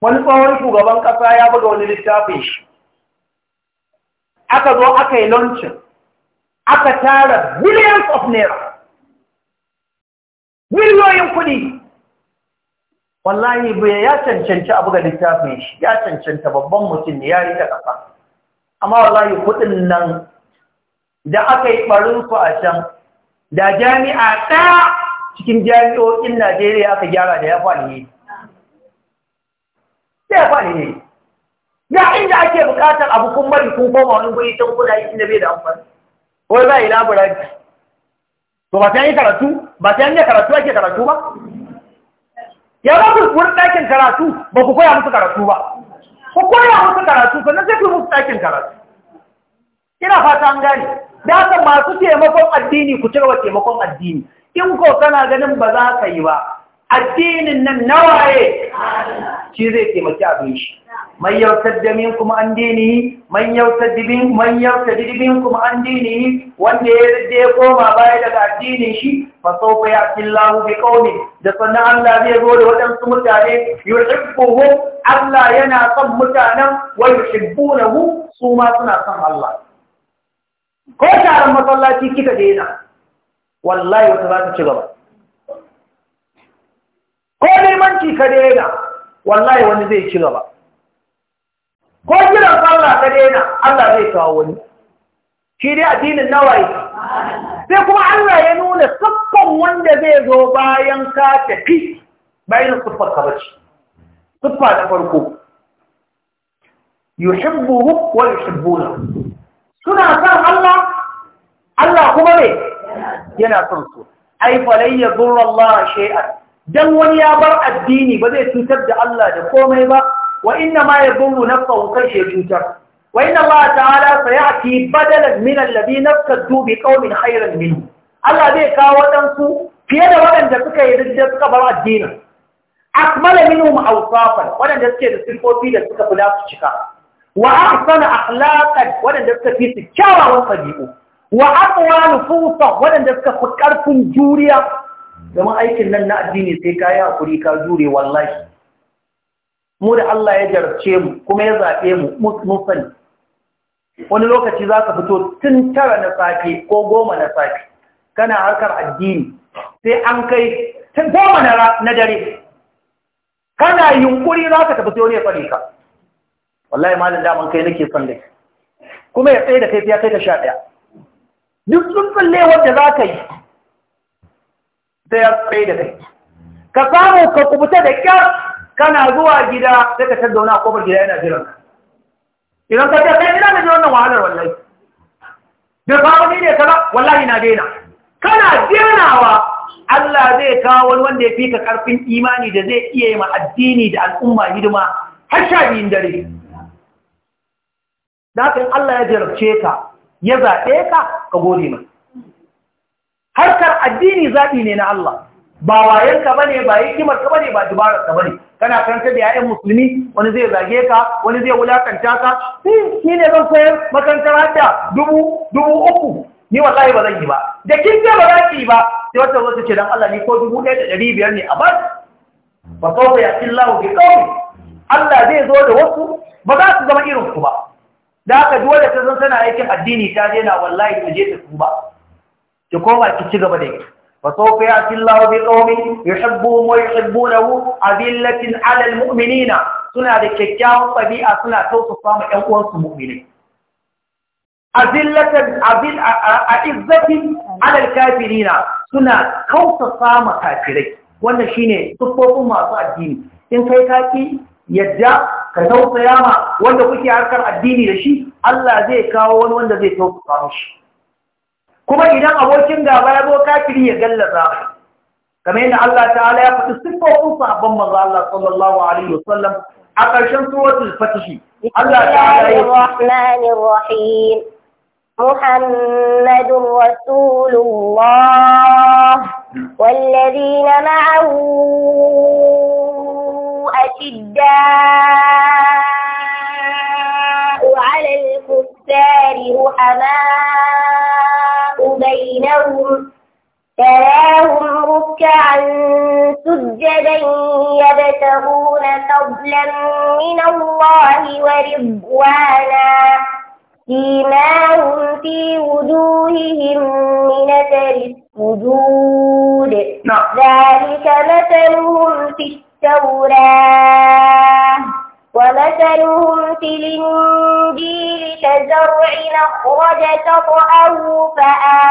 wani tsohon shugaban ƙasa ya buga wani littafin shi aka zo aka yi launcin aka tara billions of naira miliyoyin kuɗi wallahi bai ya cancanci a buga littafin shi ya cancanta babban mutum ne ya yi ta ƙasa amma wallahi kuɗin nan da aka yi ɓarinsu a can da jami'a ɗaya cikin jami'o'in najeriya aka gyara da ya faɗi sai ya faɗi ne ya inda ake bukatar abu kun bari kun koma wani guri can kuna yi inda bai da amfani Wai za a yi ji to ba sai yi karatu ba sai yi karatu ake karatu ba ya ba ku wurin ɗakin karatu ba ku koya musu karatu ba ku koya musu karatu sannan sai zafi musu ɗakin karatu ina fata an gane da haka masu taimakon addini ku cigaba taimakon addini in ko kana ganin ba za ka yi ba addinin nan waye? shi zai taimaki abin shi man yautar da kuma an dini, man yautar kuma an dini, wanda ya rida ya koma baya daga addinin shi fa ya fi lahu bi qaumin da sannan Allah zai zo da wadansu mutane yuhibbuhum Allah yana son mutanen wa hu, su ma suna son Allah ko taron masallaci kika daina wallahi wata za ta ci gaba ko limanci ka daina wallahi wani zai ci gaba ko kiran Allah ka daina Allah zai kawo wani shi dai addinin nawaye sai kuma Allah ya nuna siffan wanda zai zo bayan ka tafi bayan siffar ka bace siffa ta farko yuhibbuhu wa yuhibbuna suna san Allah Allah kuma ne yana son su ai falayya dhurra Allah shay'an dan wani ya bar addini ba zai cutar da Allah da komai ba wa inna ma yadurru na kai ya cutar wa inna ya ta'ala sayati badalan min alladhi nafsadu bi qaumin khairan Allah zai kawo waɗansu. fiye da waɗanda suka yi suka bar addini akmala minhum awsafan waɗanda suke da sifofi da suka fi su cika wa ahsana akhlaqan waɗanda suka fi su kyawawan ɗabi'u wa aqwa nufusan waɗanda suka fi ƙarfin juriya zama aikin nan na addini sai ka yi hakuri ka jure wallahi mu da Allah ya jarce mu kuma ya zaɓe mu mun sani wani lokaci za ka fito tun tara na safe ko goma na safe kana harkar addini sai an kai tun goma na dare kana yunkuri za ka tafi sai ya ka wallahi malin daman kai nake son dai kuma ya tsaye da kai ya kai ka sha ɗaya duk tsuntsun lewar da za ka yi sai ya tsaye da kai ka samu ka kubuta da kyar kana zuwa gida sai ka tattauna a kofar gida yana jiran ka idan ka ce kai ina da ji wannan wahalar wallahi da faru ni ne ba wallahi na daina kana wa Allah zai kawo wani wanda ya fi ka karfin imani da zai iya yi ma addini da al'umma hidima har sha biyun dare da haka Allah ya jarabce ka ya zaɓe ka ka gode mai harkar addini zaɓi ne na Allah ba wayenka bane ba hikimar ka bane ba dubarar ka bane kana karanta da yayan musulmi wani zai zage ka wani zai wulakanta ka shi ne zan koyar makarantar hadda dubu dubu uku ni wallahi ba zan yi ba da kin ce ba za ki ba sai wata wata ce dan Allah ni ko dubu ɗaya da ɗari biyar ne a bas ba kawai ya illahu bi kawai Allah zai zo da wasu ba za su zama irin ku ba da haka duk wanda ta zan tana aikin addini ta daina wallahi ta je ta tuba ci koba ci ci gaba de fa sawfa yatillahu bi qawmin yuhibbuhum wa yuhibbunahu adillatin 'ala almu'minina suna da kyakkyawan tabi'a suna tausafa ma 'yan uwansu mu'mini azillatan abil a'izzatin alal alkafirina suna kausafa ma kafirai wannan shine tsofofin masu addini in kai kaki yadda ka tausaya ma wanda kuke harkar addini da shi Allah zai kawo wani wanda zai tausafa mishi kuma idan abokin gaba ya zo kafiri ya gallaza kamar yadda Allah ta'ala ya faɗi siffofin sahabban manzo Allah sallallahu alaihi wasallam a ƙarshen suratul fatih Allah ta'ala ya rahmani rahim محمد رسول الله والذين معه أشداء على الكفار رحماء بينهم تراهم ركعا سجدا يبتغون فضلا من الله ورضوانا سيماهم في وجوههم من اثر السجود نعم. ذلك مثلهم في التوراه ومثلهم في الإنجيل كزرع أخرج شطأه فآزره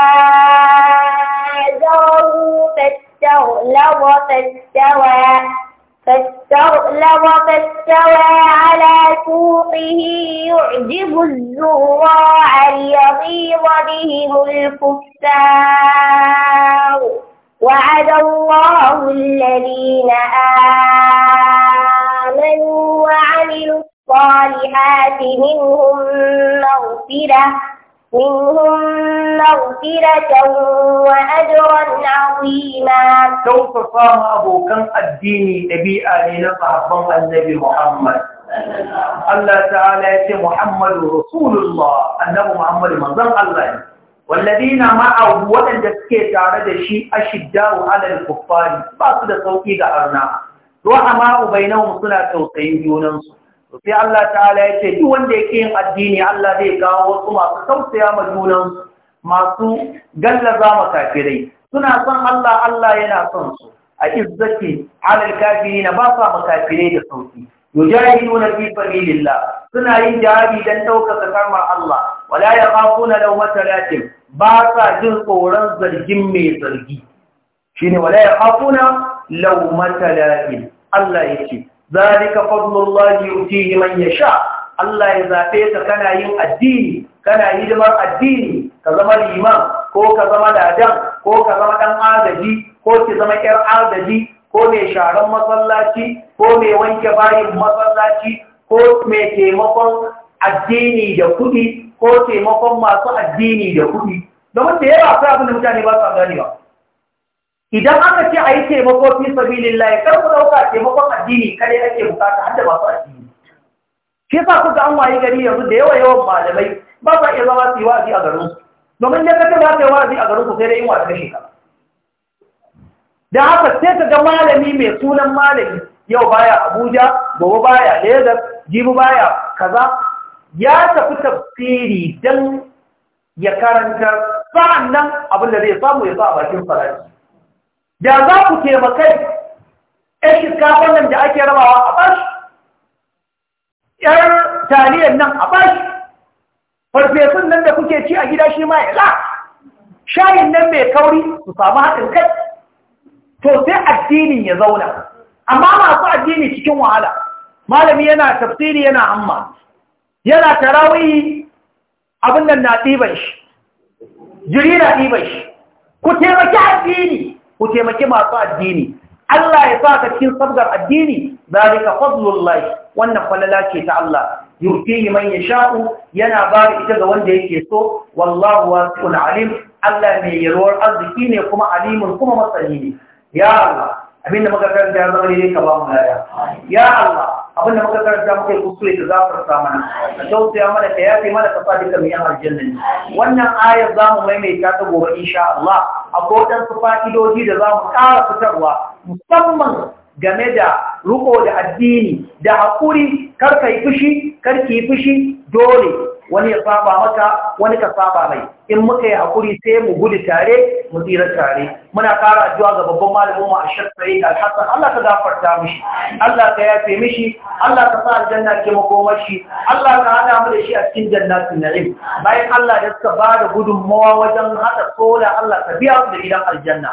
فاستغلظ فاستوى فاستغلظ فاستوى على سوقه يعجب الزراع ليغيظ بهم الكفار وعد الله الذين آمنوا آه آمنوا وعملوا الصالحات منهم مغفرة منهم مغفرة وأجرا عظيما توصفها أبو كم الدين أبيئة لنصحبه النبي محمد الله تعالى يقول محمد رسول الله أنه محمد منظر الله والذين معه ولن تسكي تعرض الشيء أشداء على الكفار بعض الصوت إذا أرناه ruhama ubainahum suna tausayin junansu to sai Allah ta'ala yake duk wanda yake yin addini Allah zai kawo wasu masu tausaya ma junansu masu gallaza ma kafirai suna son Allah Allah yana son su a izzati alal kafirin ba sa ma kafirai da sauki yujahiduna fi sabilillah suna yin jihadi dan ɗaukaka karmar Allah wala yakhafuna lawmata latim ba sa jin tsoron zargin mai zargi shine wala yakhafuna laumata la'im Allah ya ce. fadlun lalji fadlullahi yi man sha. Allah ya zaɓe ka kana yin addini kana hidimar addini ka zama liman ko ka zama ladan ko ka zama ɗan agaji ko ki zama yar agaji ko mai sharan masallaci ko mai wanke bayin masallaci ko mai taimakon addini da kuɗi ko taimakon masu addini da kuɗi domin da yawa sai abin da mutane ba su ganewa idan aka ce a yi taimako fi sabi lillahi kar ku ɗauka taimakon addini kare ake bukata hadda ba masu addini shi yasa ku ga an wayi gari yanzu da yawa yawan malamai ba sa iya zama su yi wa'azi a garin su domin ya kace ba ta yi wa'azi a garin su sai dai in wa kashe ka da haka sai ka ga malami mai sunan malami yau baya Abuja gobe baya Lagos jibi baya kaza ya tafi tafsiri dan ya karanta nan abin da zai samu ya sa a bakin farashi da za ku taimakai ‘yan shinkafan nan da ake rabawa a bashi ‘yar taliyar nan a bashi farfesun nan da kuke ci a gida shi ma ya shayin nan mai kauri su samu haɗin kai to sai addini ya zauna amma masu addini cikin wahala malami yana tafsiri yana amma yana tarawai abin nan na ɗiban shi jiri na ɗiban shi ku taimaki addini ku taimaki masu addini Allah ya sa ka cikin sabgar addini zalika fadlullahi wannan falala ce ta Allah yurtihi man yasha'u yana ba ita ga wanda yake so wallahu wasi'un alim Allah mai yarwar arziki ne kuma alimin kuma masani ne ya Allah abinda muka karanta ya zama ne ka ba mu ya Allah abin da muka karanta muka yi ta ka gafarta mana ka ya mana ta yafi mana ta fadi duka yan aljanna wannan ayar za mu maimaita ta gobe insha Allah akwai su fa'idoji da za mu kara fitarwa musamman game da riko da addini da haƙuri karka yi fushi karki yi fushi dole wani ya saba maka wani ka saba mai in muka yi hakuri sai mu gudu tare mu tsira tare muna ƙara addu'a ga babban malamin mu a Sa'id Al-Hassan Allah ka gafarta mishi Allah ka yafe mishi Allah ka sa aljanna ke makomar shi Allah ka hada mu da shi a cikin jannatin na'im bayan Allah da suka ba da gudunmawa wajen hada sola Allah ka biya su da gidan aljanna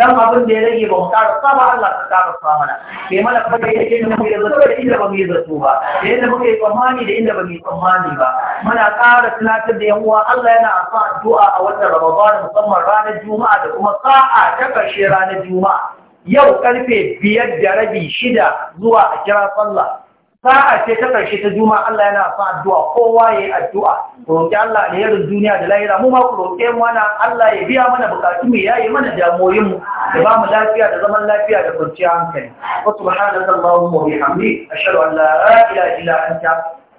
dan abin da ya rage ba mu sa saba Allah ka ƙara sa mana bai mana fada yake ne yi zato da inda ba mu yi zato ba da muka muke tsammani da inda ba mu yi tsammani ba muna ƙara tunatar da yan uwa Allah yana amfani addu'a a wannan Ramadan musamman ranar Juma'a da kuma sa'a ta ƙarshe ranar Juma'a. Yau karfe biyar da rabi shida zuwa a kira sallah. Sa'a ce ta ƙarshe ta Juma'a Allah yana son addu'a kowa ya yi addu'a. Ku roƙi Allah alherin duniya da lahira mu ma ku roƙe mana Allah ya biya mana bukatu mu ya yi mana damuwoyin mu da ba mu lafiya da zaman lafiya da kwanciya hankali. Wa subhanaka Allahumma wa bihamdika ashhadu an la ilaha illa anta